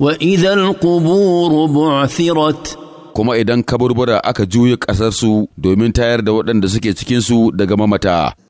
وإذا القبور بعثرت kuma idan kaburbura aka juye ƙasarsu domin tayar da waɗanda suke cikinsu daga mamata